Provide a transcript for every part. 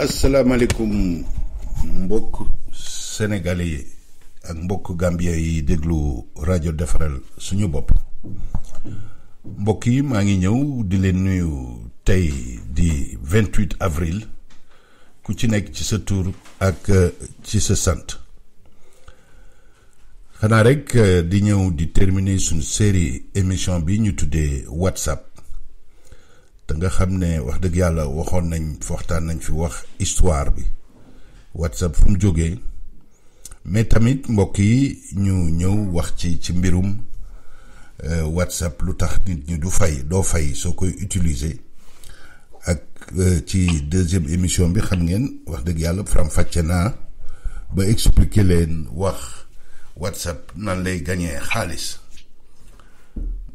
asalaamaaleykum mbokk sénégalais yi ak mbokk gambien yi déglu rajo defaral suñu bopp mbokk yi maa ngi ñëw di leen nuyu tey di 28 avril ku ci nekk ci sa tour ak euh, ci sa sant xanaa rek euh, di ñëw di terminer suñu série émission bi ñu tuddee whatsapp te nga xam ne wax dëgg yàlla waxoon nañ waxtaan nañ fi wax histoire bi WhatsApp fu mu jógee mais tamit mbokk yi ñu ñëw wax ci ci mbirum euh, WhatsApp lu tax nit ñi du fay doo fay soo koy utiliser ak euh, ci deuxième émission bi xam ngeen wax dëgg yàlla faram-fàcce naa ba explique leen wax WhatsApp nan lay gañee xaalis.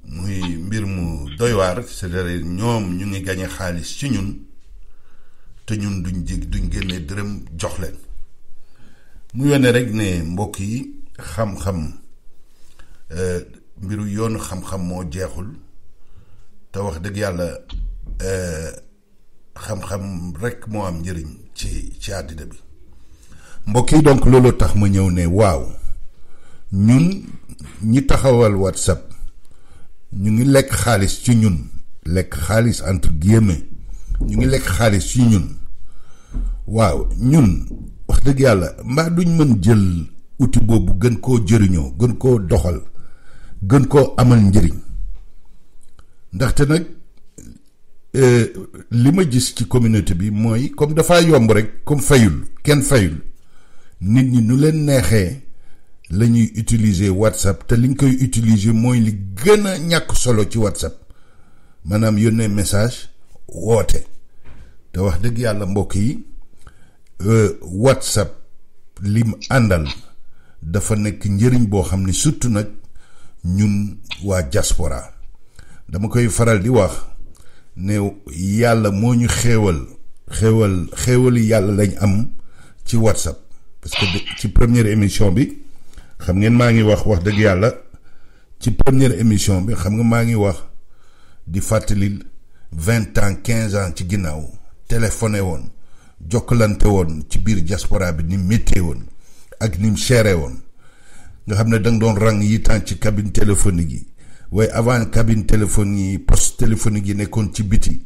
muy mbir mu doy waar ñoom ñu ngi gañe xaalis ci ñun te ñun duñ jég duñ génne dërëm jox leen mu yónnee rek ne mbokk yi xam-xam euh, mbiru yoonu xam-xam moo jeexul te wax dëgg yàlla euh, xam-xam rek moo am njëriñ ci ci àddina bi mbokk yi donc loolu tax ma ñëw ne waaw ñun ñi taxawal WhatsApp ñu ngi lekk xaalis ci ñun lekk xaalis entre guillemets ñu ngi lekk xaalis ci ñun waaw ñun wax dëgg yàlla mbaa duñ mën jël outil boobu gën koo jëriñoo gën koo doxal gën koo amal njëriñ ndaxte nag euh, li ma gis ci communauté bi mooy comme dafa yomb rek comme fayul kenn fayul nit ñi nu leen neexee la ñuy utiliser WhatsApp te liñ koy utiliser mooy li gën a ñàkk solo ci WhatsApp maanaam yónnee message woote te wax dëgg yàlla mbokk yi euh, WhatsApp mu àndal dafa nekk njëriñ boo xam ne surtout nag ñun waa diaspora dama koy faral di wax ne yàlla moo ñu xéewal xéewal xéewali yàlla lañ am ci WhatsApp parce que ci première émission bi. xam ngeen maa ngi wax wax dëgg yàlla ci première émission bi xam nga maa ngi wax di fàttali vingt ans quinze ans ci ginnaaw téléphoné woon jokkalante woon ci biir diaspora bi ni mu méttee woon ak ni mu woon nga xam ne da nga doon rang yi temps ci cabine téléphonique yi waaye avant cabine téléphone yi poste téléphonique yi nekkoon ci biti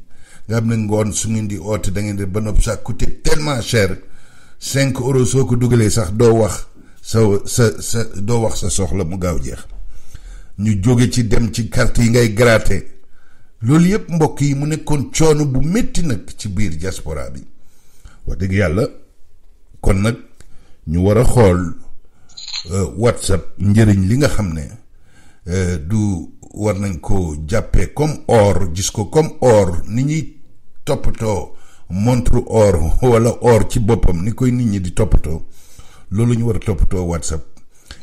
nga xam ne ngoon su ngeen di oote da ngeen di ba nopp ça coûtait telement cher cinq euros soo ko dugalee sax doo wax. sa sa sa doo wax sa soxla mu gaaw jeex ñu jóge ci dem ci carte yi ngay gratter loolu yëpp mbokk yi mu nekkoon coono bu métti nag ci biir diaspora bi wax dëgg yàlla kon nag ñu war a xool euh, whatsapp njëriñ li nga xam ne euh, du war nañ ko jàppee comme or gis ko comme or ni ñuy toppatoo montre or wala or ci boppam ni koy nit ñi di toppatoo loolu ñu war a toppatoo WhatsApp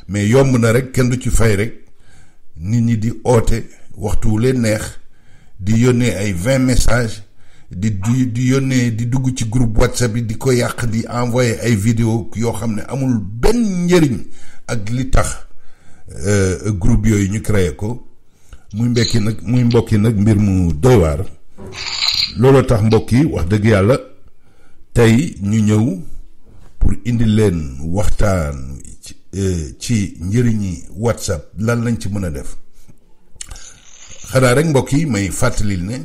mais yomb na rek kenn du ci fay rek nit ñi di oote waxtu wu leen neex di yónnee ay vingt messages di di di yónnee di dugg ci groupe WhatsApp yi di ko yàq di envoyé ay vidéo yoo xam ne amul benn njëriñ ak li tax euh, groupe yooyu ñu créer ko muy mbekki nag muy mbokki nag mbir mu doy waar looloo tax mbokk yi wax dëgg yàlla tey ñu ñëw. pour indi leen waxtaan euh, ci njëriñi WhatsApp lan lañ ci mën a def xanaa rek mbokk yi may fàttalil ne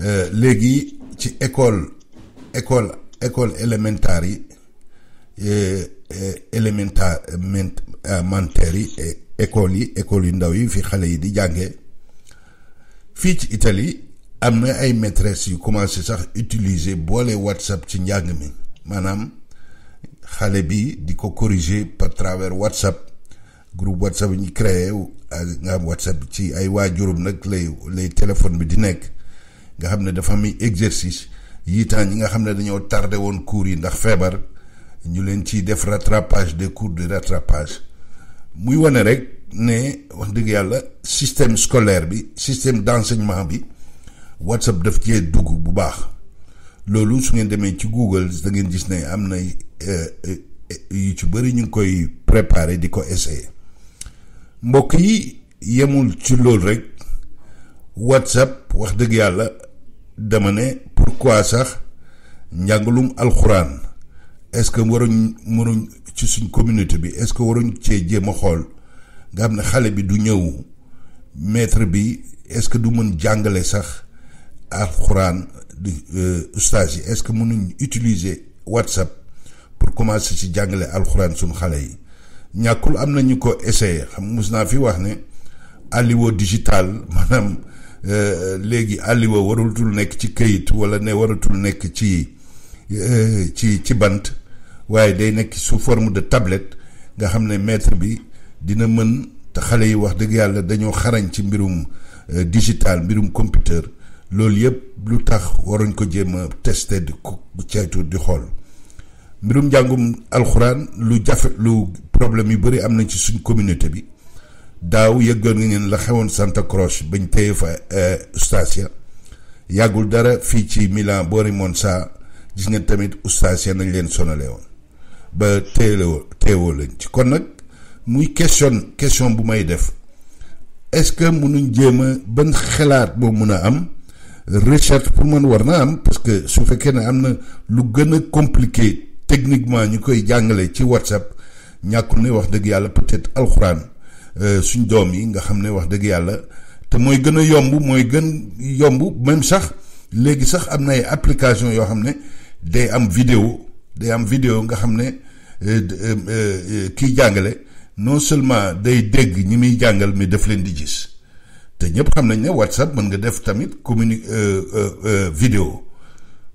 euh, léegi ci école école école élémentaire yi euh, élémentaire élémentaire yi école yi école yu ndaw yi fi xale yi di jànge fii ci Italie am na ay maîtresse yu commencé sax utiliser boole WhatsApp ci njàng mi maanaam xale bi di ko corriger par travers WhatsApp groupe WhatsApp yi ñu créé nga am WhatsApp ci ay waajurum nag lay lay téléphone bi di nekk nga xam ne dafa mi exercice yii ñi nga xam ne dañoo tardé woon cours yi ndax feebar ñu leen ciy def rattrapage de cours de rattrapage muy wane rek ne wax dëgg yàlla système scolaire bi système d'enseignement bi WhatsApp daf cee dugg bu baax loolu su ngeen demee ci Google da ngeen gis ne am na eh, eh, yu ci bëri ñu ngi koy préparer di ko essayer mbokk yi yemul ci loolu rek WhatsApp wax dëgg yàlla dama ne quoi sax njàngalum alxuraan est-ce que waruñ mënuñ ci suñ communauté bi est-ce que waruñ cee jéem a xool nga xam ne xale bi du ñëw metre bi est-ce que du mën jàngale sax. alxuraan di euh, ustaas yi est-ce que mënuñ utiliser WhatsApp pour commencer si jàngale alxuraan suñu xale yi ñàkkul am na ñu ko essayé xam mus naa fi wax ne alliwo digital maanaam euh, léegi alliwo waratul nekk ci kayit wala ne waratul nekk ci euh, ci ci bant waaye day nekk sous forme de tablette nga xam ne maître bi dina mën te xale yi wax dëgg yàlla dañoo xarañ ci mbirum digital mbirum computer loolu yëpp lu tax waruñ ko jéem a testé di ko ceytu di xool mbirum njàngum alxuraan lu jafe lu problème yu bëri am na ci suñ communauté bi daaw yëggoon nga ngeen la xewoon Santa Croce bañ téye fa eh, ustaas ya yàggul dara fii ci Milan boori Monza gis nga tamit ustaas ya nañ leen sonale woon ba téelewoo téewoo lañ ci kon nag muy question question bu may def est-ce que mënuñ jéem a ban xalaat boo mun a am recherche pour man war na am parce que su fekkee ne am na lu gën a compliqué techniquement ñu koy jàngale ci whatsapp ñàkkul ne wax dëgg yàlla peut-être alxuraan euh, suñ doom yi nga xam ne wax dëgg yàlla te mooy gën a yomb mooy gën yomb même sax léegi sax am na ay application yoo xam ne day am vidéo day am vidéo nga xam ne euh, euh, kiy jàngale non seulement day dégg ñi muy jàngal mi daf leen di gis te ñëpp xam nañ ne WhatsApp mën nga def tamit communique euh, euh, euh, vidéo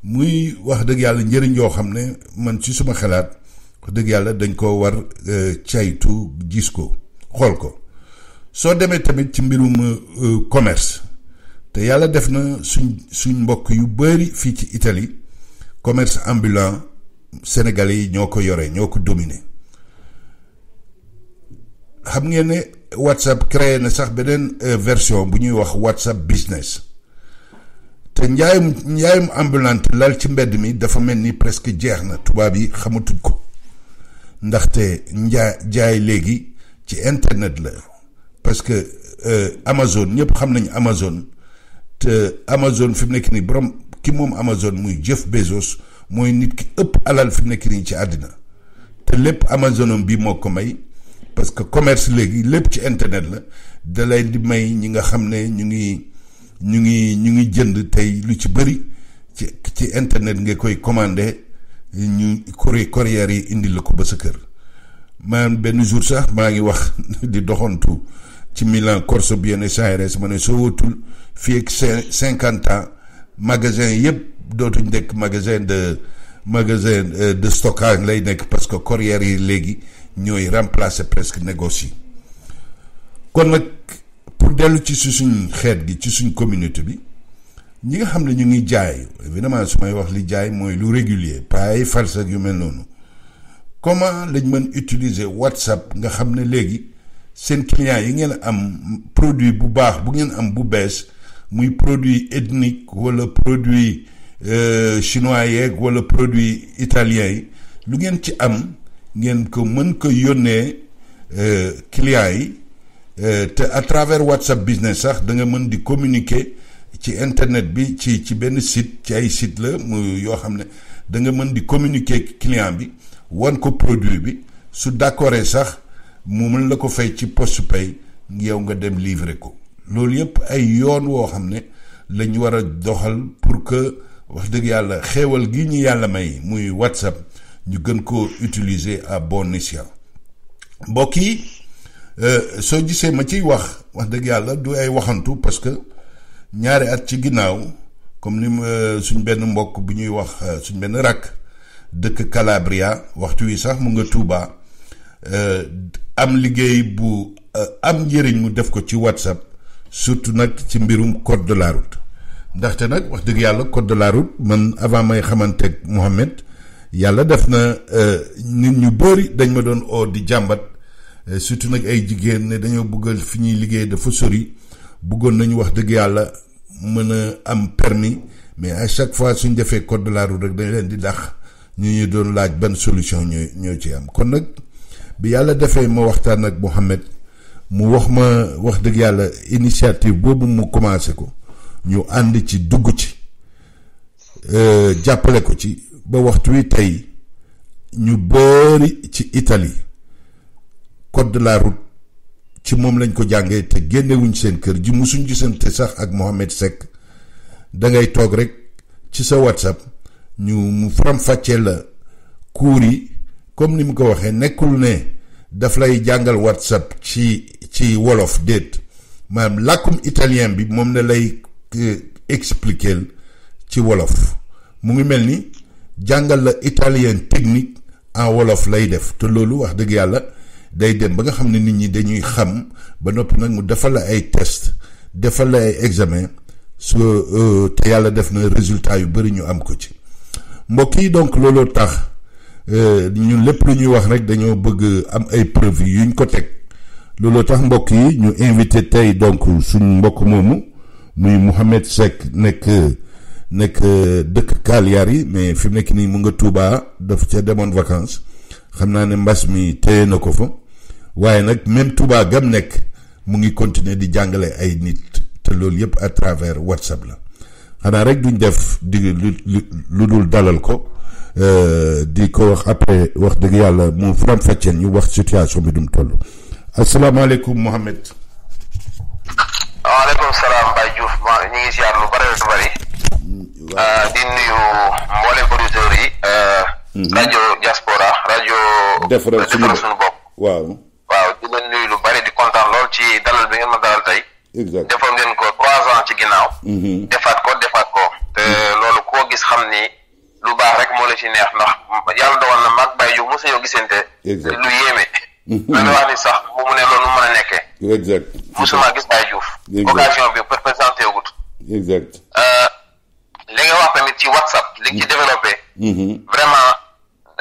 muy wax dëgg yàlla njëriñ yoo xam ne man ci suma xalaat dëgg yàlla dañ ko war caytu gis ko xool ko soo demee tamit ci mbirum commerce te yàlla def na suñ suñ mbokk yu bari fii ci Italie commerce ambulant sénégalais yi ñoo ko yore ñoo ko dominer xam ngeen ne WhatsApp créé na sax beneen euh, version bu ñuy wax WhatsApp business te njaayum njaayum ambulante lal ci mbedd mi dafa mel ni presque jeex na tubaab yi xamatuñ ko ndaxte njaa jaay léegi ci internet la parce que euh, Amazon ñëpp xam nañ Amazon te Amazon fi mu nekk nii borom ki moom Amazon muy Jeff Bezos mooy nit ki ëpp alal fi mu nekk nii ci àddina te lépp Amazonom bi moo ko may. parce que commerce léegi lépp ci internet la da lay di may ñi nga xam ne ñu ngi ñu ngi ñu ngi jënd tey lu ci bëri ci ci internet nga koy commandé ñu courrier courrier yi indi la ko ba sa kër man benn jour sax maa ngi wax di doxantu ci Milan Corso Buenos Aires ma ne soo wutul fii ak cinquante ans magasin yëpp dootuñ nekk magasin de magasin euh, de stockage lay nekk parce que courrier yi léegi. ñooy remplacer presque négocie kon nag pour dellu ci suñ xeet gi ci suñ communauté bi ñi nga xam ne ñu ngi jaay évidemment su may wax li jaay mooy lu régulier pas ay farce yu mel noonu comment lañ mën utiliser WhatsApp nga xam ne léegi seen clients yi ngeen am produit bu baax bu ngeen am bu bees muy produit ethnique wala produit euh, chinois yeeg wala produit italien yi lu ngeen ci am. ngeen ko mën ko yónnee euh, clients yi euh, te à travers WhatsApp business sax da nga mën di communiquer ci internet bi ci ci benn site ci ay site la mu yoo xam ne da nga mën di communiquer client bi wan ko produit bi su d'accordee sax mu mën la ko fay ci postpay yow nga dem livrer ko loolu yëpp ay yoon woo xam ne lañ war a doxal pour que wax dëgg yàlla xéewal gi ñu yàlla may muy WhatsApp ñu gën ko utiliser a bon escient mbokk yi euh, soo gisee ma ciy wax wax dëgg yàlla du ay waxantu parce que ñaari at ci ginnaaw comme ni euh, suñ benn mbokk bu ñuy wax euh, suñ benn rakk dëkk Calabria waxtu wi sax mu nga Touba am liggéey bu am njëriñ mu def ko ci WhatsApp surtout nag ci mbirum code de la route ndaxte nag wax dëgg yàlla code de la route man avant may xamanteeg Mohamed yàlla def na euh, nit ñu bëri dañ ma doon oo di jàmbat euh, surtout nag ay jigéen ne dañoo bëggal fi ñuy liggéey dafa sori bëggoon nañu wax dëgg yàlla mën a am permis mais à chaque fois suñ defee code de la route rek dañ leen di dax ñu ñu doon laaj ban solution ñoo ñoo ci am kon nag bi yàlla defee ma waxtaan ak Mouhamed mu wax ma wax dëgg yàlla initiative boobu mu commencé ko ñu ànd ci dugg ci euh, jàppale ko ci ba waxtu wi tey ñu bëri ci itali code de la route ci moom lañ ko jàngee te génnewuñ seen kër ji musuñ gisante sax ak Mohamed Seck dangay toog rek ci sa whatsapp ñu mu faram-fàccee la cours yi comme ni mu ko waxee nekkul ne daf lay jàngal whatsapp ci ci wolof déet maanaam làkkum italien bi moom ne lay euh, expliquer ci wolof mu ngi mel ni jàngal la italien technique en wolof lay def te loolu wax dëgg yàlla day dem ba nga xam ne nit ñi dañuy xam ba noppi nag mu defal la ay test defal la ay examen su euh, te yàlla def na résultat yu bëri ñu am ko ci mbokk yi donc looloo tax euh, ñun lépp lu ñuy wax rek dañoo bëgg am ay preuve yuñ ko teg looloo tax mbokk yi ñu invité tey donc suñ mbokk moomu muy Mouhamed Seck nekk nekk euh, dëkk yi mais fi mu nekk nii mu nga Touba daf ca demoon vacances xam naa ne mbas mi téye na ko fa waaye nag même Touba gam nekk mu ngi continuer di jàngale ay nit te loolu yëpp a travers WhatsApp la xanaa rek duñ def di lu dul dalal ko euh, di ko wax après wax dëgg yàlla mu faram fàcceen ñu wax situation bi dum toll asalaamaaleykum Mohamed. waaleykum salaam Baye Diouf ñu ngi ziar lu bari lu bari. Euh, di nuyu mboolem producteurs yi. Euh, mhm. rajo diaspora rajo. defaral suñu bopp waaw. waaw di leen nuyu lu bari di kontaan lool ci dalal bi ngeen ma dalal tey. exact defoon ngeen ko trois ans ci ginnaaw. Mhm. defaat ko defaat ko. te mhm. loolu koo gis xam ni lu baax rek moo la ci neex ndax yàlla dogal na mag bàyyi yu mos a yoo gisante. exact lu yéeme. loolu wax ni sax bu mu ne loolu mën a nekkee. exact mosuma gis Baye Diouf. occasion bi présenté wuut. exact. Euh, li nga wax tamit ci whatsapp li nga ci mm-hmm. développé mm-hmm. vraiment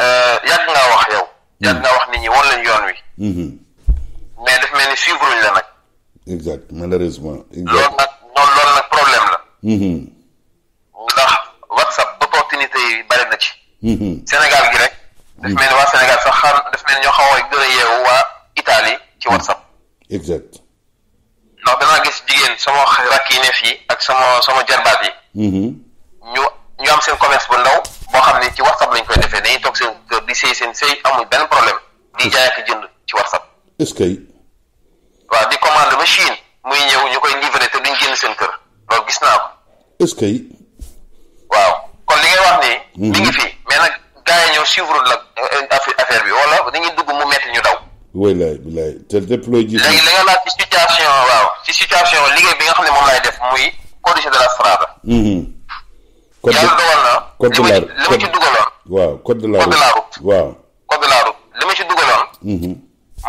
euh, yàgg ngaa wax yow mm-hmm. yàgg ngaa wax nit ñi woon lañu yoon wi mais daf mel ni suivre ñu la nag exact malheureusement loolu nag noonu loolu nag problème la ndax whatsapp opportunité yi bari na ci Sénégal gi rek daf mel ni waa Sénégal sax xam daf mel ni ñoo a gën a yeewu waa Italie ci whatsapp exact ndax danaa gis jigéen sama rakk yi ne fii ak sama sama jarbaat yi ñu am seen commerce bu ndaw boo xam ne ci whatsapp lañ koy defee dañuy toog seen kër di sëy seen sëy amul benn problème di jaay jënd ci whatsapp. est que. waaw di commande ba Chine muy ñëw ñu koy livrer te duñ génn seen kër loolu gis naa ko. est waaw kon li ngay wax nii. mi ngi mhm. fi mais nag gars yi ñëw suivre la euh, affaire bi wala dañuy dugg mu metti ñu daw. walaay bilaay te lépp looy gis. léegi la nga laaj ci situation waaw ci situation liggéey bi nga xam ne moom laay def muy condition d la code yàlla dogal na. code de la li ma ci dugaloon. waaw code de waaw code de li ma ci dugaloon.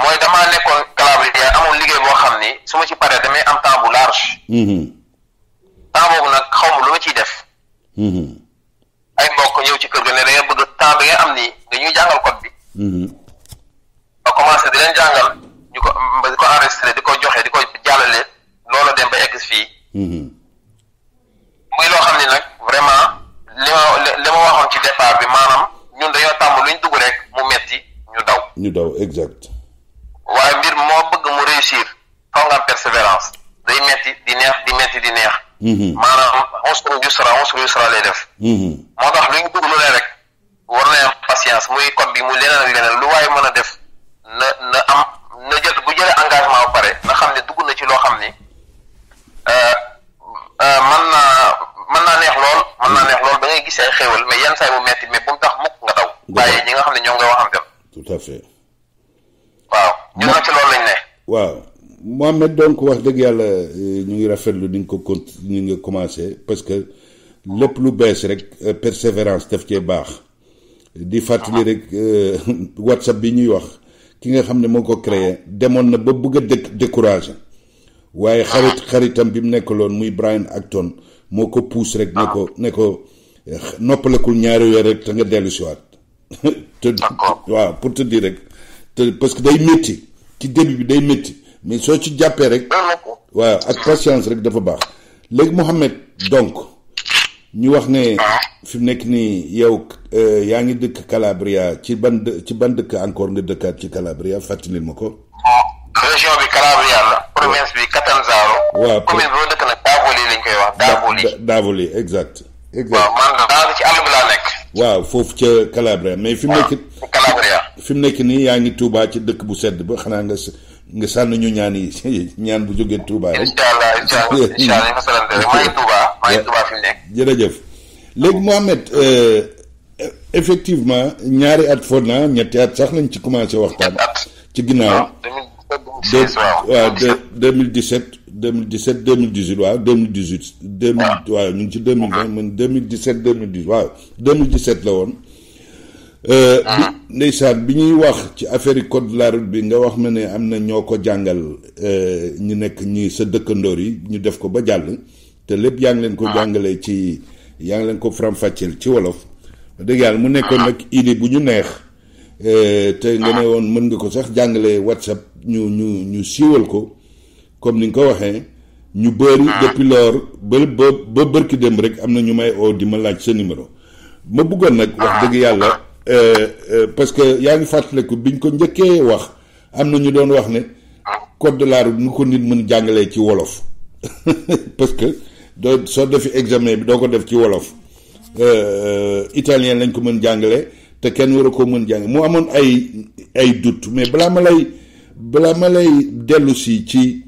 mooy damaa nekkoon calabria amoon liggéey boo xam ni su ma ci paree damay am temps bu large. Mm-hmm. temps boobu nag xaw ma lu ma ciy def. Mm-hmm. ay mbokk ñëw ci kër ga ne da bëgg temps bi nga am ni dañuy jàngal code bi. Mm-hmm. ba commencé di jàngal ñu ko di ko enregistré di ko joxe di ko jàllale loola dem ba egg fii. ñu daw exact waaye mbir moo bëgg mu réussir faw nga am persévérance day metti di neex di metti di neex mhm. maanaam unsur yusra unsur yusra lay def mhm. moo tax lu ñu bëgg lu ne rek war na am patience muy code bi muy leneen ak lu waaye mën a def na na am na jël bu jëlee engagement ba pare na xam ne dugg na ci loo xam ni euh, euh, man naa mën naa neex lool mën naa mhm. neex lool ba ngay gis ay mais yan saay bu metti mais bu tax à fait. waaw ñun nag ci loolu wax dëgg yàlla euh, ñu ngi rafetlu ni nga ko cont nga commencé parce que lépp lu bees rek euh, persévérance daf cee baax. di fàttali rek euh, WhatsApp bi ñuy wax ki nga xam ne moo ko créé demoon na ba bëgg a découragé waaye xarit xaritam bi mu nekkaloon muy Brian Acton moo ko pousse rek. ne ko ne ko noppalekul ñaari weer rek te nga dellu si waat te waaw pour te dire rek te parce que day métti ci début bi day métti mais soo ci jàppee rek waaw ak patience rek dafa baax léegi Mouhamed donc ñu wax ne ah. fi mu nekk nii yow euh, yaa ngi dëkk Calabria ci ban ci ban dëkk encore nga dëkkaat ci Calabria fàttalil ma ko région waaw commune bi ma dëkk nag Davoli lañ koy wax Davoli exact exact waaw foofu ca Calabria ah, mais fi mu nekk fi mu nekk nii yaa ngi Touba ci dëkk bu sedd ba xanaa nga nga sànni ñu ñaan yi ñaan bu jógee Touba rek. incha allah incha mu nekk. Euh, effectivement ñaari at foog naa ñetti at sax lañ ci commencé waxtaan. ci ginnaaw ah, 2016 waaw. waaw deux mille dix sept deux mille dix sept deux mille dix huit waaw deux dix huit. deux mille waaw ñu ngi ci deux mille vingt man deux mille dix sept deux mille dix waaw deux mille dix sept la woon. Euh, ah. bi ndeysaan bi ñuy wax ci affaire yi code de bi nga wax ma ne am na ñoo ko jàngal euh, ñu nekk ñi sa dëkkandoor yi ñu def ko ba jàll. te lépp yaa ngi leen ko ah. jàngalee ci yaa ngi leen ko fram fàcceel ci wolof. dëgg yàlla mu nekkoon ah. nag idée bu ñu neex. Euh, te nga ne woon mën nga ko sax jàngalee WhatsApp. ñu ñu ñu siiwal ko comme ni nga ko waxee ñu bëri ah. depuis lors ba ba bërki dem rek am na ñu may oo di ma laaj sa numéro ma buggoon nag wax ah. dëgg yàlla euh, euh, parce que yaa ngi fàttaliku biñ ko njëkkee wax am na ñu doon wax ne ah. code de la route ko nit mën jàngalee ci wolof parce que doo soo defi examen bi doo ko def ci wolof euh, italien lañ ko mën jàngale te kenn war a ko mën jàng mu amoon ay ay doute mais balaa ma lay bala ma lay dellu si ci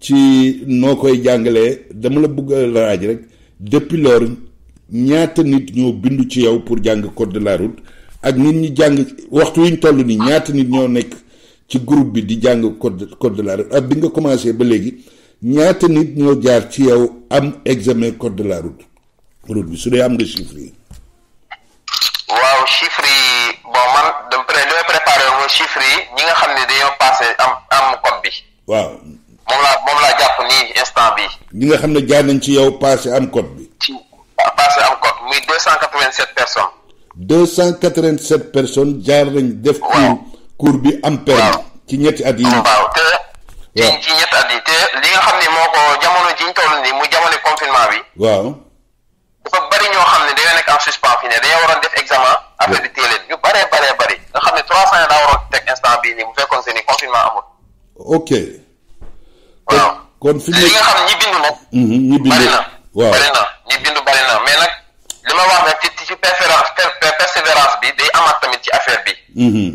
ci noo koy jàngalee dama la bëgg a rek depuis lors ñaata nit ñoo bindu ci yow pour jàng code de la route ak nit ñi jàng waxtu wi ñu toll nii ñaata nit ñoo nekk ci groupe bi di jàng code code de la route ak bi nga commencé ba léegi ñaata nit ñoo jaar ci yow am examen code de la route route bi su dee am nga chiffre waaw. moom laa moom laa jàpp nii instant bi li nga xam ne jaar nañ ci yow passé am code bi. ci passé am code muy deux cent quatre vingt sept personnes. deux cent quatre vingt sept personnes jaar nañ. def cours bi am. waaw ci ñetti at te. ci ñetti at li nga xam ne moo ko jamono jiñ toll ni mu jamono confinement bi. waaw. dafa bari ñoo xam ne dañoo nekk en suspens fi ne dañoo waroon def examen. affaire bi téeléen ñu baree baree bari nga xam ne trois cent daa waroon teg instant bii nii waaw kon fi li nga xam ñi bindu na mhm, waaw na ñi bindu bari na mais nag li ma wax nag ci ci bi day amaat tamit ci affaire bi. Mhm.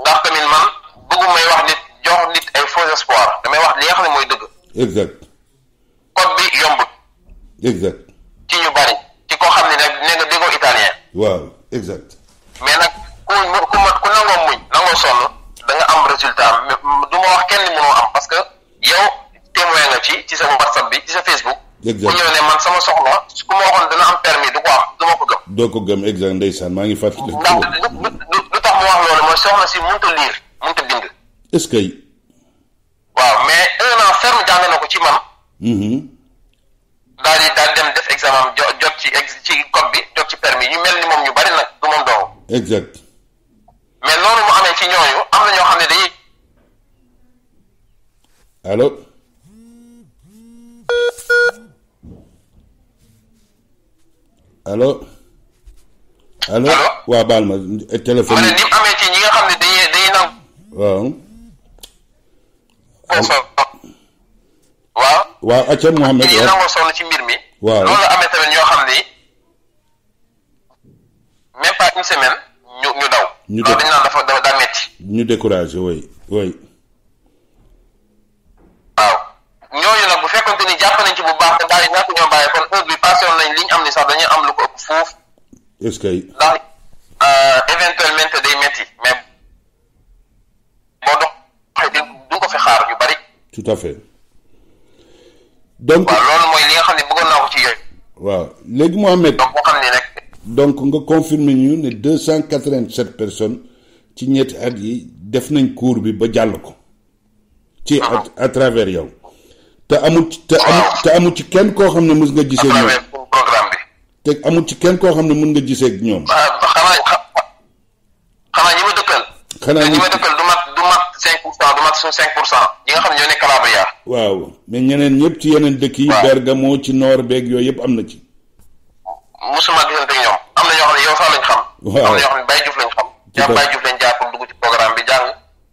ndax tamit man bëggu may wax nit jox nit ay faux espoir damay wax li nga xam ne mooy dëgg. exact code bi yombut. exact ci ñu bari ci koo xam ne nag nee nga déggoo italien. waaw exact mais nag ku nangoo muñ nangoo sonn da am résultat du wax kenn mënoo ci ci sa whatsapp bi ci sa facebook exact bu ñëw ne man sama soxla su ku ma waxoon dana am permis du ko am du ma ko gëm doo ko gëm exact ndeysaan maa ngi fàttali ndax lu tax mu wax loolu mooy soxna si mënta liir mënta bind est waaw mais un an ferme jàng ko ci man mhm. daal di dem def examen jo jot ci ci code bi jot ci permis ñu mel ni moom ñu bari nag du moom dong exact mais loolu mu amee ci ñooñu am na ñoo xam ne dañuy allo allo allo waaw baal ma téléphone. ma ne amee ci ñi nga xam ne dañuy dañuy nangu. waaw. waaw. acca Mouhamed waaw nangoo sonn ci mbir mi. waaw loolu amee tamit ñoo xam ni même pas une semaine ñu ñu daw. ñu loolu dañu naan dafa dafa daa ñu découragé oui waaw ñooñu nag jàpp nañ ci bu baax te daal ñoo bàyyi kon heure bi passé woon li ñu am ni sax dañuy am lu ko ëpp foofu. est-ce euh, day métti mais boo doxee du nga ko fi xaar yu bari. tout à fait. donc loolu mooy li nga xam ne bëggoon naa ko ci yooyu. waaw léegi Mohamed. donc rek. donc nga confirmer ñu ne deux cent quatre-vingt-sept personnes ci ñetti at yi def nañ cours bi ba jàll ko. ci ah, ah. à travers yow. te amul te amul ci kenn koo xam ne mus nga gisee ak ñoom programme te amul ci kenn koo xam ne mën nga gisee ak ñoom. Ah, xanaa ñi ma dëkkal. xanaa ñi ma dëkkal du mat du mat cinq pour cent du mat suñu cinq pour cent ñi nga xam ne ñoo ne Calabria. waaw mais ñeneen ñëpp ci yeneen dëkk yi. waaw Bergamo ci noor beeg yooyu yëpp am na ci. musuma gisante ak ñoom am na ñoo xam ne yow sax lañ xam. waaw am lañ xam. ci Baye Diouf lañ jaar.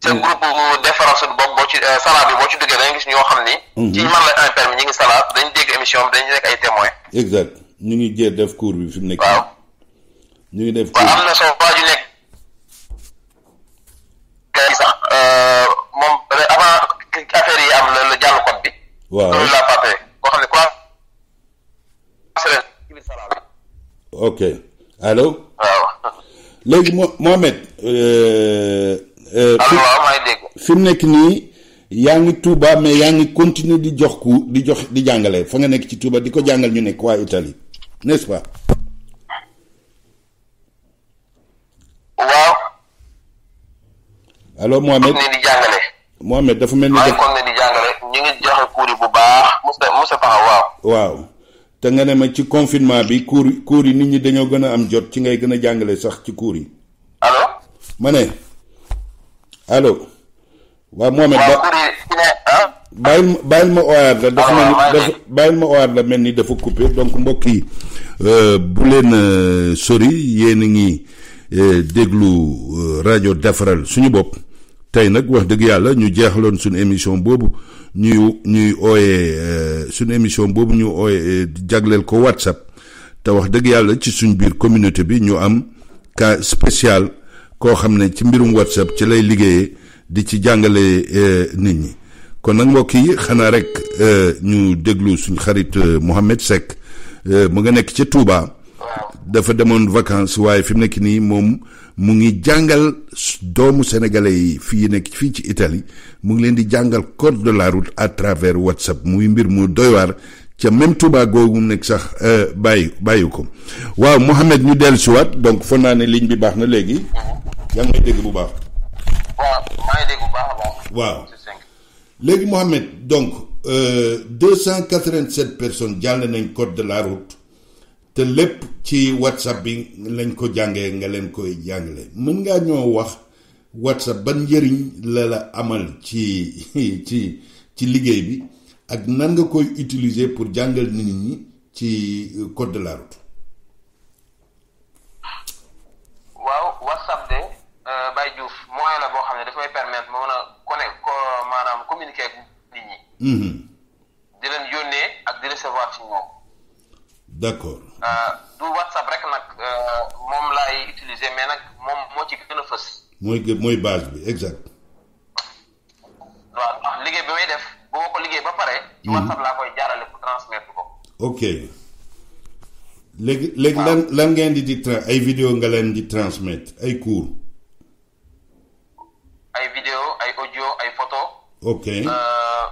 c' est mm. groupe bu defaral boo ci euh, salaat bi boo ci duggee dañu gis ñoo xam ni. Mm-hmm. ci man la un permis ñi ngi salaat dañ dégg émission bi dañu nekk ay témoin exact ñu ngi jéem def cours bi fi mu nekk. waaw ñu ngi def. cours waaw am na soo waa ju nekk. sax euh, moom avant affaire yi am la la jàll code bi. waaw loolu laa waaw léegi Mohamed. Euh, waaw euh, fi mu nekk nii yaa ngi Touba mais yaa ngi continuer di jox ku di jox di jàngale fa nga nekk ci Touba di ko jàngal ñu nekk waa itali n'est-ce pas. waaw. allo Mohamed dafa mel ni. def kon ne di jàngale ñu ngi joxe cours yi bu baax. Moussa Moussa Paxa waaw. waaw te nga ne ma ci confinement bi cours cours yi nit ñi dañoo gën a am jot ci ngay gën a jàngale sax ci cours yi. allo. ma ne. alo waaw Mohamed ba ah. bàyyil ma oyaat la dafa ah, mel ni dafa bàyyil ma oyaat la mel ni dafa coupé donc mbokk yi euh, bu leen euh, sori yéen a ngi euh, déglu rajo defaral suñu bopp tey nag wax dëgg yàlla ñu jeexaloon suñu émission boobu ñuy ñuy ooyee suñu émission boobu ñu ooyee jagleel ko WhatsApp te wax dëgg yàlla ci suñu biir communauté bi ñu am cas spécial koo xam ne ci mbirum whatsapp ci lay liggéeyee di ci jàngale eh, nit ñi kon nag mbokk yi xanaa rek eh, ñu déglu suñ xarit eh, Mouhamed Seck mu nga nekk ca Touba. dafa demoon vacances waaye fi mu nekk nii moom mu ngi jàngal doomu sénégalais yi fii nekk fii ci Italie mu ngi leen di jàngal code de la route à travers WhatsApp muy mbir mu doy waar ca même Touba googu nekk sax euh, bàyyi bàyyi ko waaw Mouhamed ñu dellu si waat donc foog naa ne ligne bi baax na léegi. Mhm. yaa ngi may bu baax. waaw maa ngi dégg bu baax a léegi Mouhamed donc euh, cent quatre-vingt-sept jàll nañ code de la route te lépp ci WhatsApp bi lañ ko jàngee nga leen koy jàngale mën ngaa ñoo wax WhatsApp ban njëriñ la la amal ci ci ci liggéey bi. ak nan nga koy utiliser pour jàngal nit ñi ci code de la waaw WhatsApp de euh, Baye Diouf moyen la boo xam ne daf may permettre ma mën a connect ko maanaam communiquer ak nit ñi. Mm-hmm. di leen yónnee ak di recevoir ci ñoom. d'accord. Euh, du WhatsApp rek nag euh, moom laay utiliser mais nag moom moo ci gën a fës. mooy mooy base bi exact. waaw liggéey bi may def. bu ko liggéey ba pare. Mhm. laa koy jaarale pour transmettre ko. ok léegi léegi lan lan ngeen di di tra ay vidéo nga leen di transmettre ay cours. ay audio ay photo ok euh,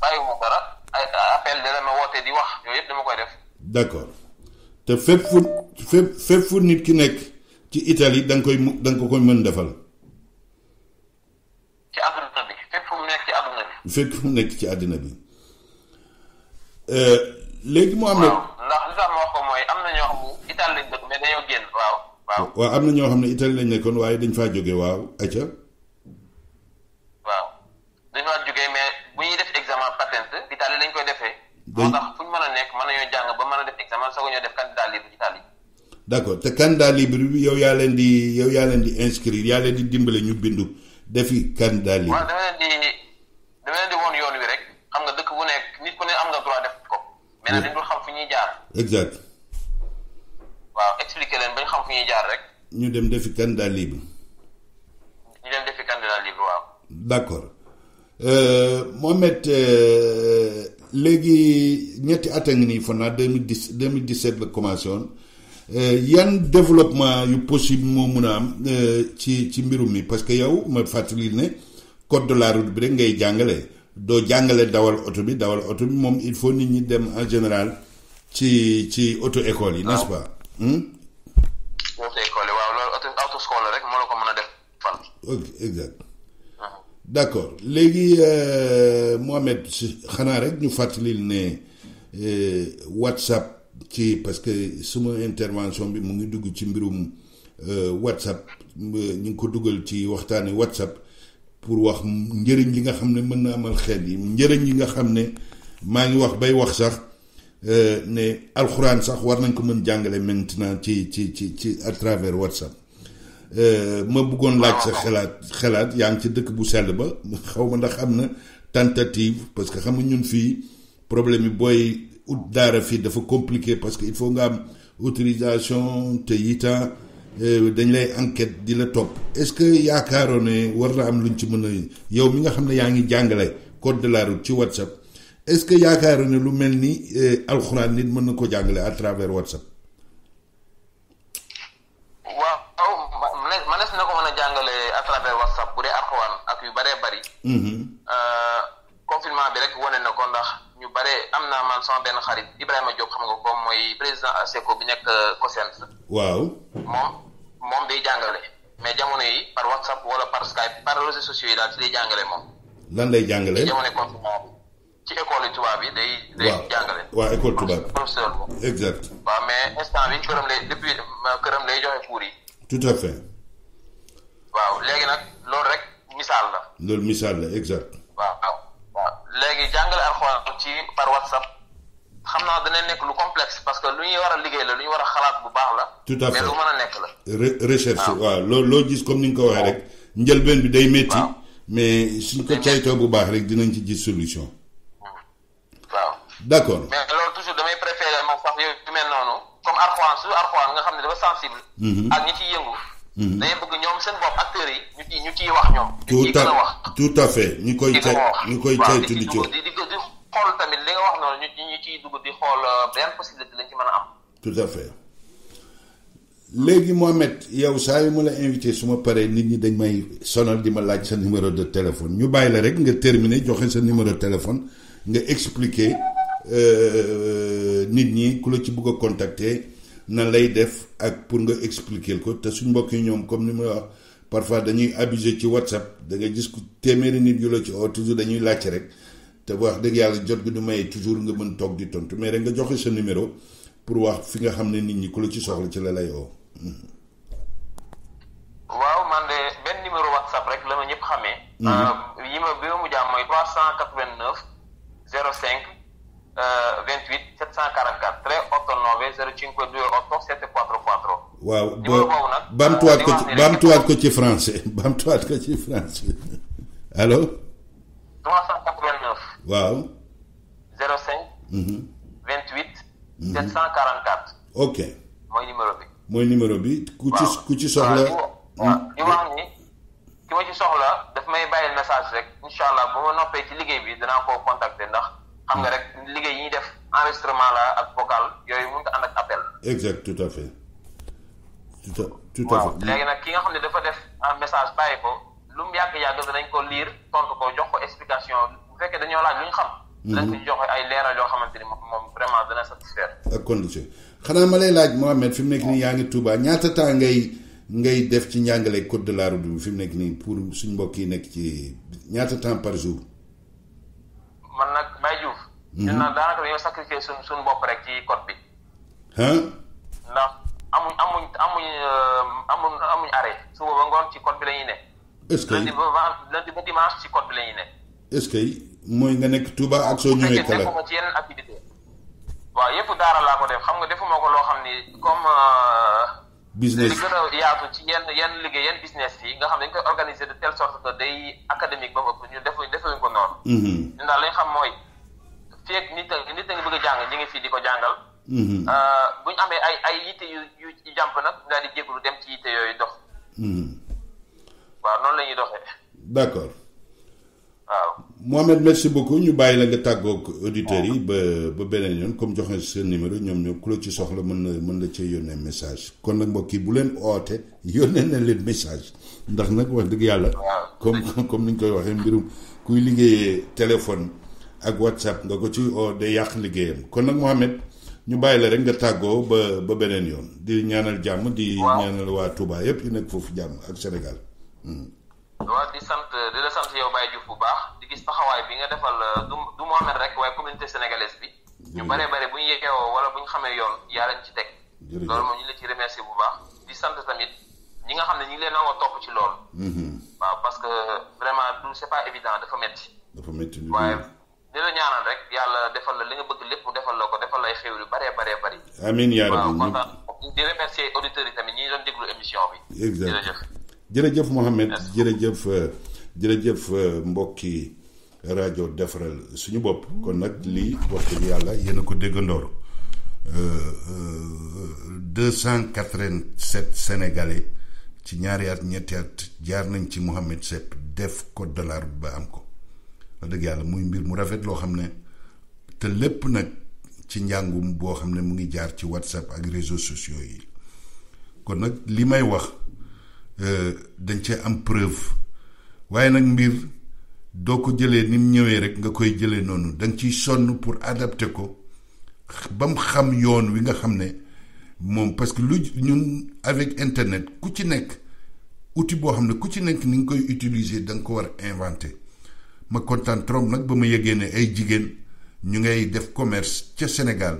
bàyyiwuma dara ay appel dana ma woote di wax yooyu te fépp fu fépp fépp fu nit ki nekk ci Italie da koy da nga ko koy mën defal. ci àdduna fépp fu nekk ci àddina bi euh, léegi mu am. waaw xam ne Italie lañ dëkk xam ne Italie lañ nekkoon waaye dañ faa jóge waaw acca. waaw dañ faa jóge mais bu ñuy def examen patente Italie lañ koy defee. moo tax fu ñu mën a nekk mën nañoo jàng ba mën a def examen soog ñoo def candidat libre Italie. d'accord te candidat libre bi yow yaa leen di yow yaa leen di inscrire yaa leen di dimbale ñu bindu defi candidat libre. waaw dama leen dama leen woon yoon wi rek xam nga dëkk bu nekk nit ku ne am nga droit def ko. mais nag mm. dañ dul xam fu ñuy jaar. exact. waaw expliquer leen ba ñu xam fu ñuy jaar rek. ñu dem defi candidat libre. ñu dem defi candidat libre waaw. d'accord euh, Mohamed euh, léegi ñetti at a ngi nii foog naa deux mille dix deux la commencé woon euh, yan développement yu possible moo mun a am ci ci mbirum mi parce que yow ma fàttali ne. code de la route bi rek ngay jàngale doo jàngale dawal oto bi dawal oto bi moom il faut nit ñi dem en général ci ci auto école yi n'est-ce ah. pas. Hmm? auto école waaw loolu ah. euh, xanaa rek ñu fàttalil ne euh, WhatsApp ci parce que suma intervention bi mu ngi dugg ci mbirum euh, WhatsApp ñu ngi ko dugal ci waxtaani WhatsApp. pour wax njëriñ li nga xam ne mën na amal xeet yi njëriñ yi nga xam ne maa ngi wax bay wax sax euh, ne alxuraan sax war nañ ko mën jàngale maintenant ci ci ci ci à travers WhatsApp euh, ma bëggoon laaj sa xelaat xelaat yaa ngi ci dëkk bu sell ba xaw ma ndax am na tentative parce que xam nga ñun fii problème yi booy ut daara fii dafa compliqué parce que il faut nga am autorisation te itam Euh, dañ lay enquête di la topp est-ce que yaakaaroon ne war na am luñ ci mën a yow mi nga xam ne yaa ngi jàngale code de la route ci WhatsApp est-ce que yaakaaroon lu mel ni euh, alxuraan nit mën na ko jàngale à travers WhatsApp. waaw manees na ko mën a jàngale à WhatsApp bu dee alxuraan ak yu baree bari mm-hmm. euh, confinement bi rek wane na ko ndax ñu bare am naa man sama benn xarit Ibrahima Diop xam nga ko mooy président ASECO bi waaw moom. moom day jàngale mais jamono yi par whatsapp wala par skype par réseaux sociaux yi daal ci day jàngale moom. lan lay jàngale ci jamono confinement ci école tubaab yi day. day jàngale. waaw école tubaab professeur boobu. exact waaw mais instant bi këram lay depuis këram lay joxe cours yi. tout à fait. waaw léegi nag loolu rek misaal la. loolu misaal la exact. waaw waaw léegi jàngale alxuraan ci par whatsapp. non dana nekk lu complexe parce que lu ñuy war a liggéey la lu ñu war a xalaat bu baax la. tout à fait mais lu mën a nekk la. recherche waaw loo loo gis comme ni nga ko waxee rek. njëlbeen bi day métti. mais suñ ko caytoo bu baax rek dinañ ci gis solution. Hmm. waaw. d'accord mais loolu toujours damay préférer man mm-hmm. mm-hmm. bëgg ñoom seen bopp acteurs yi ñu ciy ñu ciy wax ñoom. ñu tout à fait ñu koy. cay ñu koy caytu di di di xool tamit li nga wax noonu ñu ñu dugg di xool euh, benn possibilité lañ ci mën a am. tout à fait léegi Mohamed yow saa yu ma la invité su ma paree nit ñi dañ may sonal di ma laaj sa numéro de téléphone ñu bàyyi la rek nga terminer joxe sa numéro de téléphone nga expliquer euh, nit ñi ku la ci bugg a contacter nan lay def ak pour nga expliquer ko te suñ mbokk yi ñoom comme ni ma wax parfois dañuy abuser ci WhatsApp da nga gis ku téeméeri nit yu la ci oo toujours dañuy laajte rek. te wax dëgg yàlla jot gi du maye toujours nga mën toog di tontu mais rek nga joxe sa numéro pour wax fi nga xam ne nit ñi ku la ci soxla ci la lay oo. Hmm. waaw man de benn numéro WhatsApp rek la ma ñëpp xamee. Hmm. Euh, yi ma bi ma mujj am mooy 389 05 euh, ko ci baamtuwaat ko ci ko ci français allo. waaw. 05. 28. 744. ok mooy numéro bi. mooy numéro bi. ku ci ku ci soxla. waaw di wax ni ki ma ci soxla daf may bàyyi message rek incha allah bu ma noppee ci liggéey bi danaa koo contacter ndax xam nga rek liggéey yi ñuy def enregistrement la ak vocal yooyu mënut a ànd ak appel. exact tout à fait. tout à fait. léegi nag ki nga xam ne dafa def un message bàyyi ko lu mu yàgg-yàgg danañ ko lire tontu ko jox ko explication. bu fekkee dañoo laaj lu ñu xam. Mhm. dañ ko joxe ay leeral yoo xamante ni moom vraiment dana satisfaire. ak condition xanaa ma lay laaj Mohamed fi nekk nii yaa ngi Touba ñaata temps ngay ngay def ci njàngale code de la route bi fi mu nekk nii pour suñ mbokk yi nekk ci ñaata temps par jour. man nag Baye Diouf. Mhm. ñun nag daanaka dañoo sacrifier suñ suñ bopp rek ci code bi. ndax amuñ amuñ amuñ euh, amuñ amuñ arrêt ba ngoon ci code bi la ne. est-ce que ba dimanche est-ce que mooy nga nekk Touba ak soo ñëwee. kala nekkuma ci yeneen activité waaw yëpp daara laa ko def xam nga defuma ko loo xam ni comme. Euh, business li gën a ci yenn yenn liggéey business yi nga xam ne dañ koy organiser de telle sorte que day académique ba ëpp ñu defuñ defuñ ko noonu. Mm-hmm. ñun daal lañ xam mooy feeg nit a nit a ngi bëgg jàng ñi ngi fii di ko jàngal. Mm-hmm. Euh, bu ñu amee ay ay yitte yu yu jàmp nag daal di jégalu dem ci yitte yooyu dox. Mm-hmm. waaw noonu la ñuy doxee. d'accord. waaw Mohamed merci beaucoup ñu bàyyi la nga tàggoog auditeurs yi ba ba beneen yoon comme joxe seen numéro ñoom ñoom ku la ci soxla mën na mën la cee yónnee message kon nag mbokk yi bu leen oote yónnee na leen message ndax nag wax dëgg yàlla. comme comme ni ñu koy waxee mbirum kuy liggéeyee téléphone ak WhatsApp nga ko ci oo day yàq liggéeyam kon nag Mohamed ñu bàyyi la rek nga tàggoo ba ba beneen yoon di ñaanal jàmm. di ñaanal waa Touba yëpp yu nekk foofu jàmm ak Sénégal. Hmm. waaw di sant di la sant yow Baye Diouf bu baax di gis taxawaay bi nga defal euh, du du Mohamed rek waaye communauté sénégalaise bi. ñu bare bare bu ñu yeewoo wala bu ñu xamee yoon yaa lañ ci teg. loolu moom ñu ngi la ci remercier bu baax di sant tamit ñi nga xam ne ñu ngi leen nangoo topp ci lool mm-hmm. waaw parce que vraiment du c'est pas évident dafa metti dafa metti waaye di la ñaanal rek yàlla defal la li nga bëgg lépp defal la ko defal lay xew yu bare bare bari. amiin yaa rabbi waaw yi tamit ñi doon déglu émission bi. jërëjëf Mohamed jërëjëf euh, jërëjëf euh, mbokki rajo defaral suñu bopp kon nag li wax yàlla yéen a ko déggandoor euh, deux cent quatre-vingt-sept ci ñaari at ñetti at jaar nañ ci Mohamed Seck def ko dollar ba am ko a dëgg yàlla muy mbir mu rafet loo xam ne te lépp nag ci njàngum boo xam ne mu ngi jaar ci whatsapp ak réseaux sociaux yi kon nag li may wax Euh, dañ cee am preuve waaye nag mbir doo ko jëlee ni mu ñëwee rek nga koy jëlee noonu da nga ciy sonn pour adapter ko ba mu xam yoon wi nga xam ne moom parce que lu ñun avec internet ku ci nekk outil boo xam ne ku ci nekk ni nga koy utiliser da nga ko war a ma kontaan trop nag ba ma yëgee ne ay jigéen ñu ngay def commerce ca Sénégal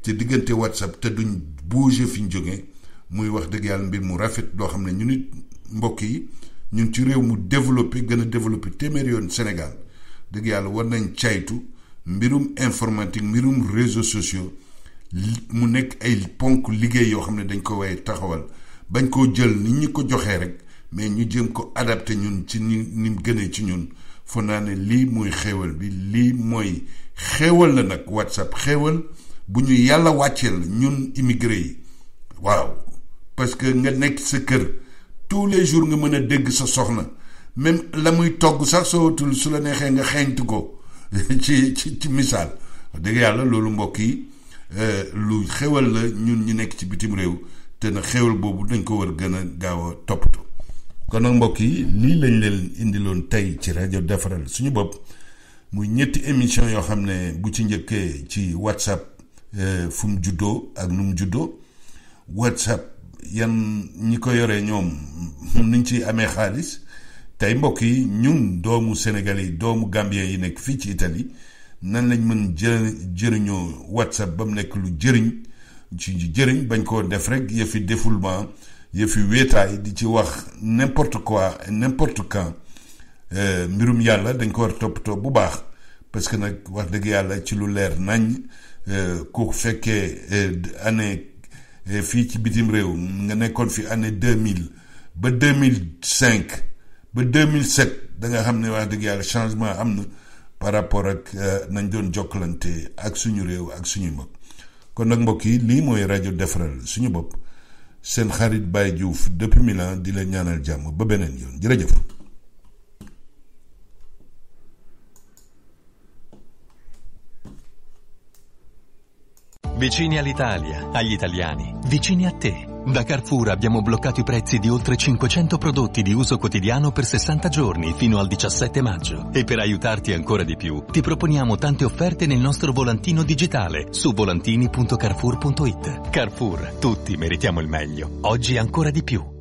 te diggante WhatsApp te duñ bouger fi ñu jógee muy wax dëgg yàlla mbir mu rafet doo xam ne ñu nit mbokk yi ñun ci réew mu développé gën a développé téeméer yoon Sénégal dëgg yàlla war nañ caytu mbirum informatique mbirum réseaux sociaux mu nekk ay ponk liggéey yoo xam ne dañ ko way taxawal bañ koo jël ni ñu ko joxee rek mais ñu jëm ko adapté ñun ci ni ni mu gënee ci ñun foo naa ne lii mooy xéewal bi lii mooy xéewal la nag WhatsApp xéewal bu ñu yàlla wàcceel ñun immigré yi waaw parce que nga nekk sa kër tous les jours nga mën a dégg sa soxna même la muy togg sax sootul su la neexee nga xeeñtu ko ci ci ci misaal wax dëgg yàlla loolu mbokk yi euh, lu xewal la ñun ñu nekk ci bitim réew te na xéwal boobu dañ ko war gën a gaaw a toppatoo kon nag mbokk yi lii lañ leen indiloon tey ci rajo defaral suñu bopp muy ñetti émission yoo xam ne bu ci njëkkee ci whatsapp euh, fu juddoo ak nu mu juddoo whatsapp yan ñi ko yoree ñoom nuñ ci amee xaalis tey mbokk yi ñun doomu Sénégal yi doomu Gambien yi nekk fii ci Italie nan lañ mën jë jëriñoo WhatsApp ba mu nekk lu jëriñ ci jëriñ bañ koo def rek yëfi défoulement yëfi wéetaay di ci wax n'importe quoi n'importe quand euh, mbirum yàlla dañ ko war toppatoo bu baax parce que nag wax dëgg yàlla ci lu leer nañ euh, ku fekkee euh, année. Eh, fii ci bitim réew nga nekkoon fi année deux mille ba deux mille cinq ba deux mille sept da nga xam ne wax dëgg yàlla changement am na par rapport ak euh, nañ doon jokkalante ak suñu réew ak suñu mbokk kon nag mbokk yi lii mooy rajo defaral suñu bopp seen xarit Baye Diouf depuis Milan di la ñaanal jàmm ba beneen yoon jërëjëf. Vicini all'Italia, agli italiani, vicini a te. Da Carrefour abbiamo bloccato i prezzi di oltre prodotti di uso quotidiano per giorni fino al maggio. E per aiutarti ancora di più, ti proponiamo tante offerte nel nostro volantino digitale su volantini.carrefour.it. Carrefour, tutti meritiamo il meglio, oggi ancora di più.